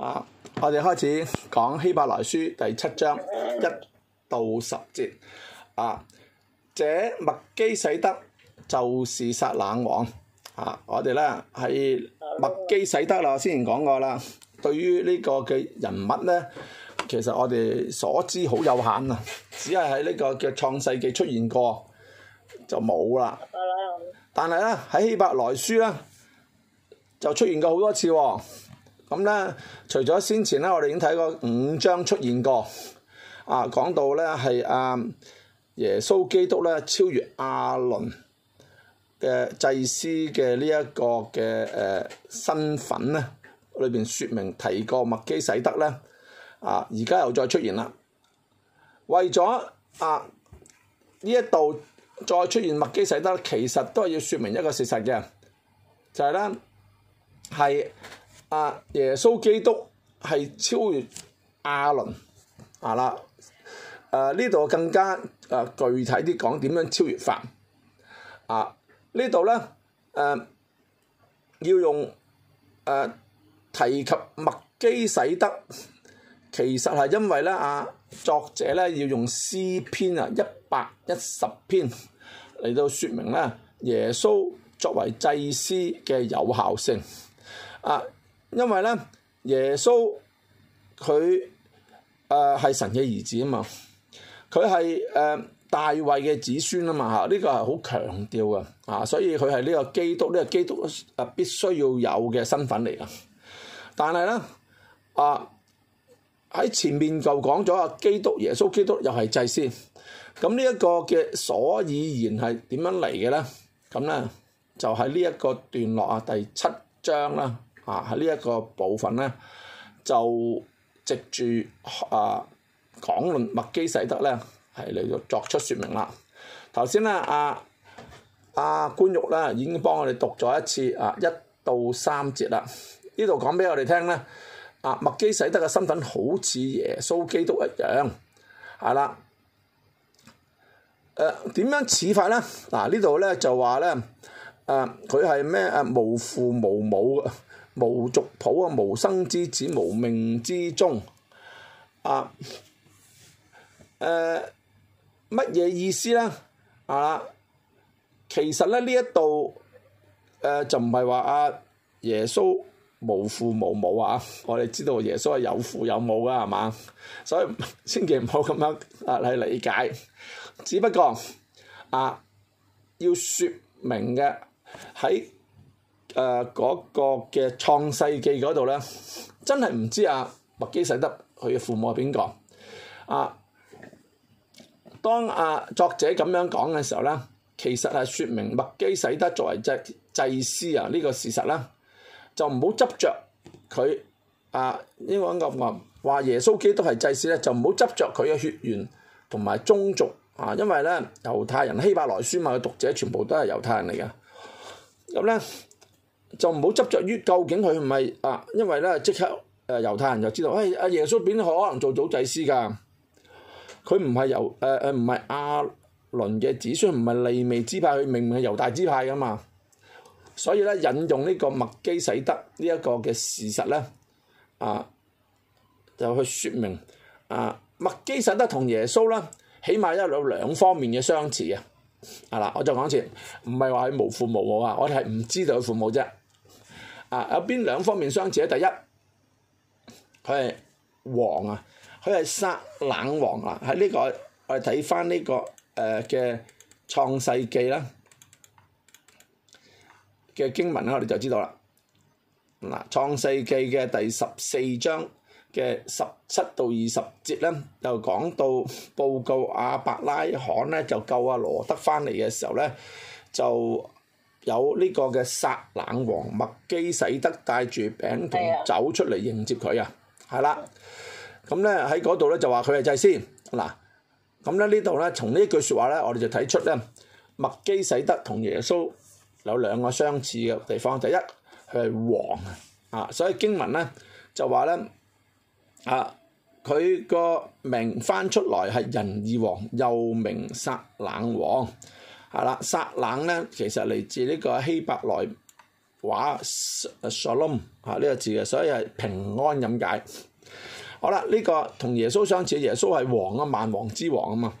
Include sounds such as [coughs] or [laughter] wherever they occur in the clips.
啊！我哋開始講希伯來書第七章一到十節。啊，這麥基洗德就是撒冷王。啊，我哋咧係麥基洗德啦，我先前講過啦。對於呢個嘅人物咧，其實我哋所知好有限啊，只係喺呢個嘅創世記出現過，就冇啦。但係咧，喺希伯來書咧，就出現過好多次喎。咁咧，除咗先前咧，我哋已經睇過五章出現過，啊，講到咧係阿耶穌基督咧超越亞倫嘅祭司嘅呢一個嘅誒、呃、身份咧，裏邊説明提過麥基洗德咧，啊，而家又再出現啦。為咗啊呢一度再出現麥基洗德，其實都係要説明一個事實嘅，就係咧係。啊！耶穌基督係超越亞倫啊啦！誒呢度更加誒、啊、具體啲講點樣超越法。啊？這裏呢度咧誒要用誒、啊、提及麥基洗德，其實係因為咧啊作者咧要用詩篇啊一百一十篇嚟到説明咧耶穌作為祭司嘅有效性啊！因為咧，耶穌佢誒係神嘅兒子啊嘛，佢係誒大衛嘅子孫啊嘛嚇，呢個係好強調嘅啊，所以佢係呢個基督呢個基督啊必須要有嘅身份嚟㗎。但係咧啊，喺前面就講咗啊，基督耶穌基督又係祭司咁呢一個嘅所以然係點樣嚟嘅咧？咁咧就喺呢一個段落啊，第七章啦。啊呢一個部分咧，就藉住啊講論麥基洗德咧，係嚟到作出説明啦。頭先咧，阿阿官玉咧已經幫我哋讀咗一次啊，一到三節啦。呢度講俾我哋聽咧，啊麥基洗德嘅身份好似耶穌基督一樣，係啦。誒啊呃點樣似法咧？嗱、啊、呢度咧就話咧。佢係咩？誒、啊、無父無母嘅，無族譜啊，無生之子，無命之中。啊乜嘢、啊、意思呢？啊，其實咧呢一度、啊、就唔係話阿耶穌無父無母啊！我哋知道耶穌係有父有母嘅係嘛，所以千祈唔好咁樣啊去理解。只不過啊，要説明嘅。喺誒嗰個嘅創世記嗰度咧，真係唔知阿麥、啊、基洗德佢嘅父母係邊個啊？當阿、啊、作者咁樣講嘅時候咧，其實係説明麥基洗德作為祭祭、祭司啊呢、呢個事實啦。就唔好執着佢啊呢個暗暗話耶穌基督係祭司咧，就唔好執着佢嘅血緣同埋宗族啊，因為咧猶太人希伯來書嘛，嘅讀者全部都係猶太人嚟嘅。咁咧就唔好執着於究竟佢唔係啊，因為咧即刻誒、呃、猶太人就知道，誒、哎、阿耶穌邊可能做祖祭司㗎，佢唔係猶唔係亞倫嘅子孫，唔係利未支派，佢明明係猶大支派㗎嘛，所以咧引用呢個麥基洗德呢一個嘅事實咧啊，就去說明啊麥基洗德同耶穌呢，起碼都有兩方面嘅相似啊。啊嗱，我再講一次，唔係話佢無父無母啊，我哋係唔知道佢父母啫。啊，有邊兩方面相似咧？第一，佢係王啊，佢係撒冷王啊。喺呢個我哋睇翻呢個誒嘅創世記啦嘅經文，我哋就知道啦。嗱，創世記嘅第十四章。嘅十七到二十節咧，就講到報告阿伯、啊、拉罕咧就救阿、啊、羅德翻嚟嘅時候咧，就有呢個嘅撒冷王麥基洗德帶住餅同走出嚟迎接佢啊，係啦，咁咧喺嗰度咧就話佢係祭司嗱，咁咧呢度咧從呢一句説話咧，我哋就睇出咧麥基洗德同耶穌有兩個相似嘅地方，第一佢係王啊，啊所以經文咧就話咧。啊！佢個名翻出來係仁義王，又名撒冷王，係啦。撒冷咧其實嚟自呢個希伯來話 Shalom 嚇呢個字嘅，所以係平安咁解。好啦，呢個同耶穌相似，耶穌係王啊，萬王之王啊嘛。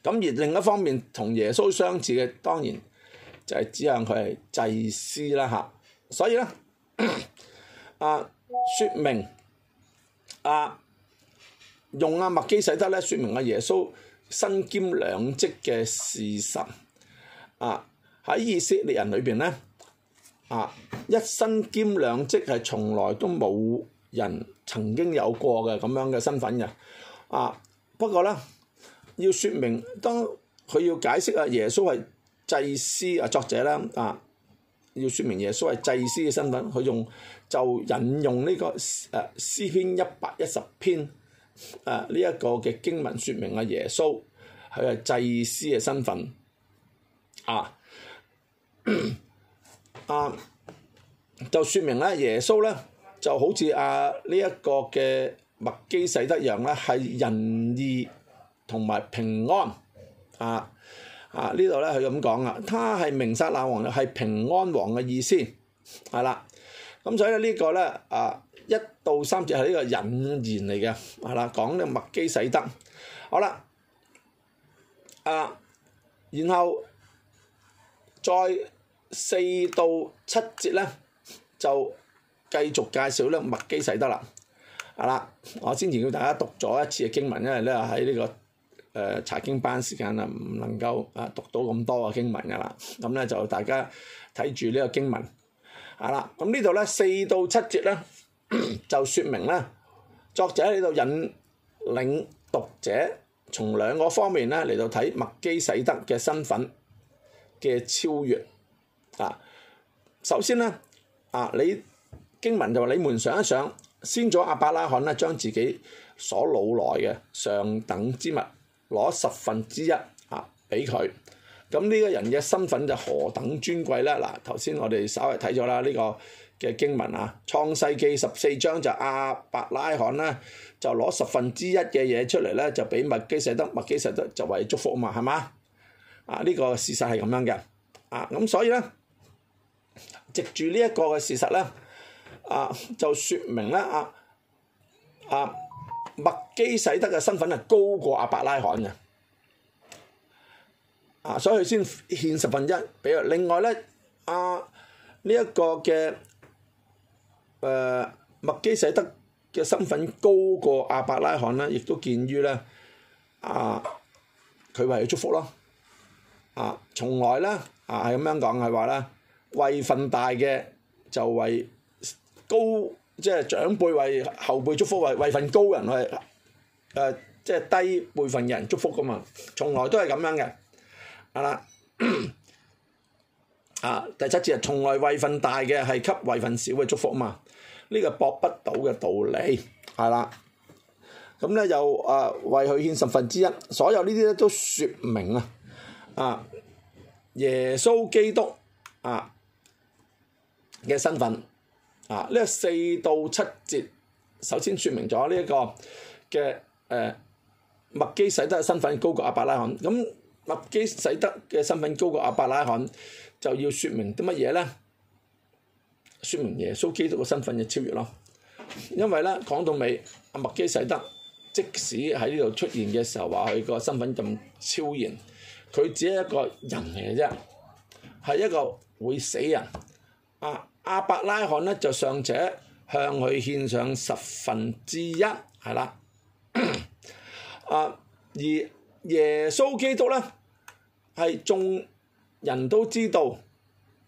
咁而另一方面，同耶穌相似嘅當然就係指向佢係祭司啦嚇、啊。所以咧，啊，説明。啊，用阿麥基洗德咧，說明阿、啊、耶穌身兼兩職嘅事實。啊，喺以色列人裏邊咧，啊一身兼兩職係從來都冇人曾經有過嘅咁樣嘅身份嘅。啊，不過咧，要說明當佢要解釋啊耶穌係祭司，啊作者咧，啊。要説明耶穌係祭司嘅身份，佢用就引用呢、這個誒詩、啊、篇一百一十篇，誒呢一個嘅經文説明阿耶穌佢係祭司嘅身份，啊，阿、啊、就説明咧耶穌咧就好似阿呢一個嘅麥基洗德樣啦，係仁義同埋平安啊。啊！呢度咧，佢咁講啊，他係名撒冷王，係平安王嘅意思，係啦。咁所以咧，呢個咧，啊一到三節係呢個引言嚟嘅，係啦，講呢麥基洗德，好啦。啊，然後再四到七節咧，就繼續介紹咧麥基洗德啦。係啦，我先前叫大家讀咗一次嘅經文，因為咧喺呢個。誒查經班時間啊，唔能夠啊讀到咁多嘅經文㗎啦。咁咧就大家睇住呢個經文係啦。咁呢度咧四到七節咧就説明咧，作者喺度引領讀者從兩個方面咧嚟到睇麥基洗德嘅身份嘅超越啊。首先咧啊，你經文就話：你們想一想，先祖亞伯拉罕咧將自己所擄來嘅上等之物。攞十分之一啊，俾佢，咁、啊、呢、呢個人嘅身份就何等尊貴咧！嗱、啊，頭先我哋稍為睇咗啦，呢個嘅經文啊，《創世記》十四章就亞伯、啊、拉罕啦，就攞十分之一嘅嘢出嚟咧，就俾麥基洗德，麥基洗德就為祝福嘛，係嘛？啊，呢、呢個事實係咁樣嘅，啊，咁所以咧，藉住呢一個嘅事實咧，啊，就説明咧，啊，啊。麥基洗德嘅身份係高過亞伯拉罕嘅，啊，所以佢先獻十分一。比如另外咧，阿呢一個嘅誒麥基洗德嘅身份高過亞伯拉罕啦，亦都見於咧，啊，佢為祝福咯，啊，從來咧啊係咁樣講係話咧，位份大嘅就為高。即、就、係、是、長輩為後輩祝福，為為份高人去，誒即係低輩份人祝福噶嘛，從來都係咁樣嘅，係啦， [coughs] 啊第七節啊，從來為份大嘅係給為份少嘅祝福啊嘛，呢、這個博不倒嘅道理係啦，咁咧、嗯、就啊、呃、為佢獻十分之一，所有呢啲咧都説明啊，啊耶穌基督啊嘅身份。啊！呢、這個四到七節，首先説明咗呢一個嘅誒麥基洗德嘅身份高過亞伯拉罕。咁麥基洗德嘅身份高過亞伯拉罕，就要説明啲乜嘢咧？説明耶穌基督嘅身份嘅超越咯。因為咧講到尾，阿麥基洗德即使喺呢度出現嘅時候話佢個身份咁超然，佢只係一個人嚟嘅啫，係一個會死人啊！阿伯拉罕咧就上者向佢獻上十分之一，係啦， [coughs] 啊，而耶穌基督咧係眾人都知道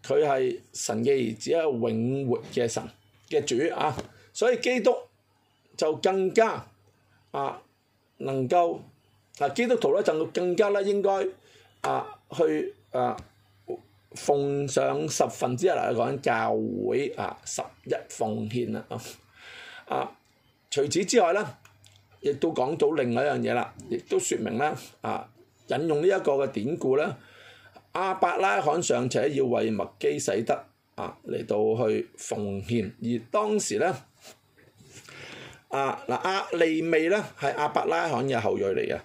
佢係神嘅兒子，係永活嘅神嘅主啊，所以基督就更加啊能夠啊，基督徒咧就更加咧應該啊去啊。去啊奉上十分之一嚟講教會啊，十一奉獻啦啊！除此之外咧，亦都講到另外一樣嘢啦，亦都説明咧啊，引用呢一個嘅典故咧，亞伯拉罕尚且要為麥基洗德啊嚟到去奉獻，而當時咧啊嗱，亞利未咧係亞伯拉罕嘅後裔嚟嘅，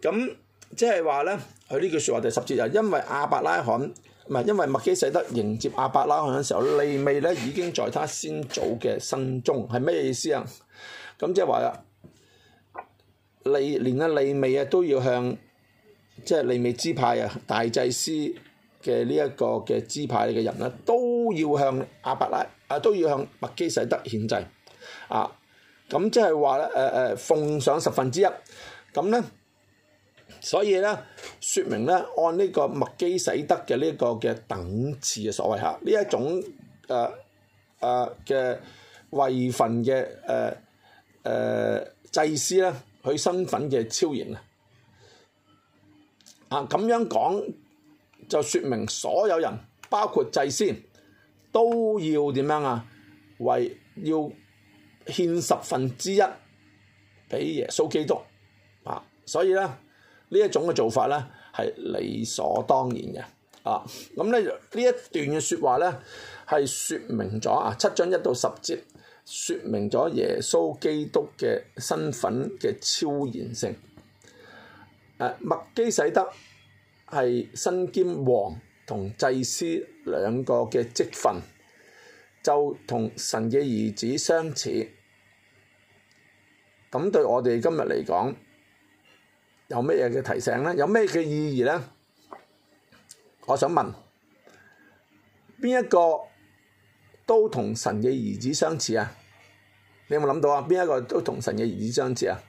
咁。即係話咧，佢呢句説話第十節又因為阿伯拉罕，唔係因為麥基洗德迎接阿伯拉罕嘅時候，利未咧已經在他先祖嘅身中係咩意思啊？咁即係話啊，利連啊利未啊都要向，即係利未支派啊大祭司嘅呢一個嘅支派嘅人咧，都要向阿伯拉啊都要向麥基洗德獻祭，啊，咁即係話誒誒奉上十分之一，咁咧。所以咧，説明咧，按呢個麥基洗德嘅呢個嘅等次嘅所謂嚇，呢一種誒誒嘅位份嘅誒誒祭司啦，佢身份嘅超然啊！啊咁樣講就説明所有人包括祭司都要點樣啊？為要獻十分之一俾耶穌基督啊！所以咧～呢一種嘅做法咧係理所當然嘅，啊，咁咧呢一段嘅説話咧係説明咗啊，七章一到十節説明咗耶穌基督嘅身份嘅超然性，誒、啊，麥基洗德係身兼王同祭司兩個嘅職份，就同神嘅兒子相似，咁對我哋今日嚟講。有咩嘢嘅提醒呢？有咩嘅意義呢？我想問，邊一個都同神嘅兒子相似啊？你有冇諗到啊？邊一個都同神嘅兒子相似啊？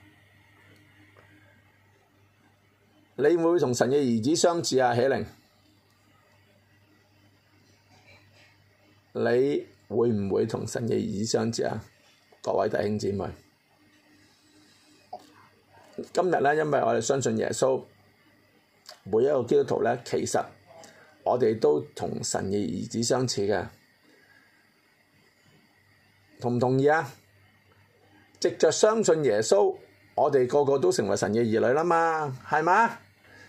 你會唔會同神嘅兒子相似啊？喜靈，你會唔會同神嘅兒子相似啊？各位弟兄姊妹。今日咧，因為我哋相信耶穌，每一個基督徒咧，其實我哋都同神嘅兒子相似嘅，同唔同意啊？藉著相信耶穌，我哋個個都成為神嘅兒女啦嘛，係嘛？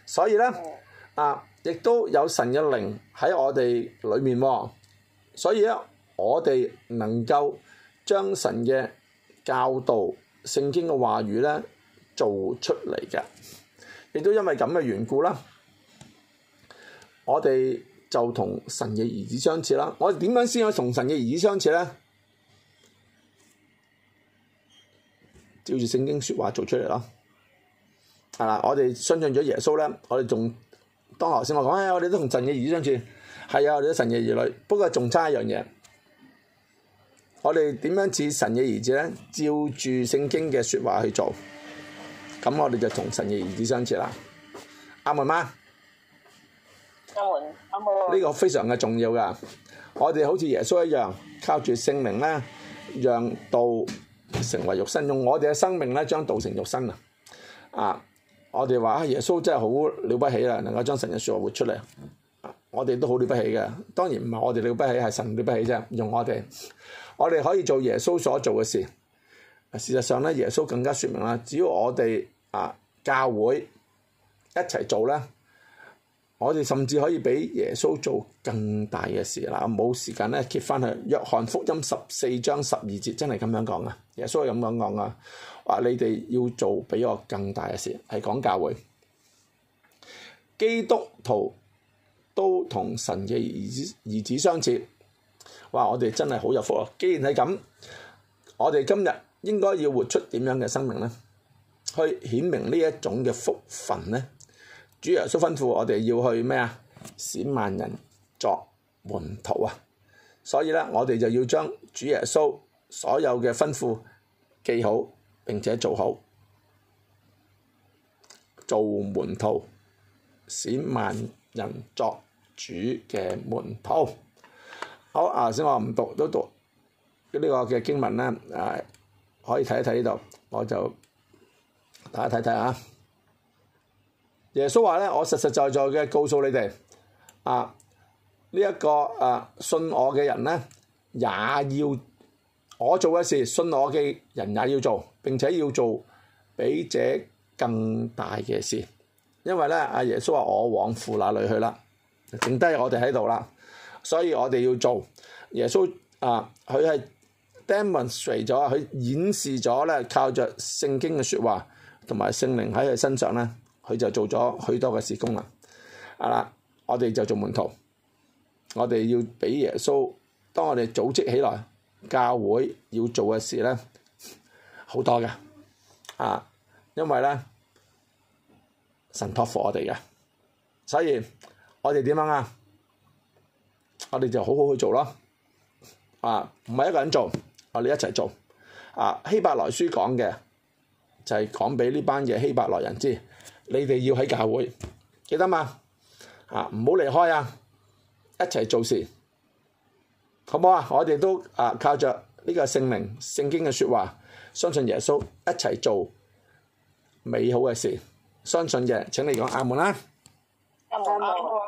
所以咧，啊，亦都有神嘅靈喺我哋裏面喎，所以咧，我哋能夠將神嘅教導、聖經嘅話語咧，做出嚟嘅，亦都因為咁嘅緣故啦。我哋就同神嘅兒子相似啦。我點樣先可以同神嘅兒子相似呢？照住聖經説話做出嚟咯。係啦，我哋相信咗耶穌呢。我哋仲當頭先我講、哎、我哋都同神嘅兒子相似，係啊，我哋都神嘅兒女。不過仲差一樣嘢，我哋點樣似神嘅兒子呢？照住聖經嘅説話去做。咁我哋就同神嘅兒子相似啦，啱唔啱？呢、嗯嗯嗯呢個非常嘅重要噶，我哋好似耶穌一樣，靠住聖靈咧，讓道成為肉身，用我哋嘅生命咧，將道成肉身啊！啊，我哋話啊，耶穌真係好了不起啦，能夠將神嘅説話活出嚟。我哋都好了不起嘅，當然唔係我哋了不起，係神了不起啫，用我哋，我哋可以做耶穌所做嘅事。事實上咧，耶穌更加説明啦，只要我哋。啊！教會一齊做啦，我哋甚至可以俾耶穌做更大嘅事啦！冇時間咧，揭翻去《約翰福音》十四章十二節，真係咁樣講啊！耶穌係咁樣講啊，話你哋要做俾我更大嘅事，係講教會基督徒都同神嘅兒子兒子相似。哇！我哋真係好有福啊！既然係咁，我哋今日應該要活出點樣嘅生命呢？去顯明呢一種嘅福分呢，主耶穌吩咐我哋要去咩啊？選萬人作門徒啊！所以咧，我哋就要將主耶穌所有嘅吩咐記好，並且做好，做門徒，選萬人作主嘅門徒。好啊，先我唔讀都讀，呢個嘅經文啦，啊可以睇一睇呢度，我就。睇睇睇啊，耶穌話咧：我實實在在嘅告訴你哋，啊呢一個啊信我嘅人咧，也要我做嘅事，信我嘅人也要做，並且要做比這更大嘅事。因為咧，阿耶穌話：我往父那裏去啦，剩低我哋喺度啦，所以我哋要做。耶穌啊，佢係 demonstrate 咗，佢演示咗咧，靠着聖經嘅説話。同埋聖靈喺佢身上咧，佢就做咗許多嘅事工啦。啊，我哋就做門徒，我哋要俾耶穌。當我哋組織起來，教會要做嘅事咧，好多嘅啊，因為咧神託付我哋嘅，所以我哋點樣啊？我哋就好好去做咯。啊，唔係一個人做，我哋一齊做。啊，希伯來書講嘅。就係講俾呢班嘢希伯來人知，你哋要喺教會，記得嘛？啊，唔好離開啊！一齊做事，好唔好啊？我哋都啊靠著呢個聖名、聖經嘅説話，相信耶穌，一齊做美好嘅事。相信嘅，請你講阿門啦。阿門。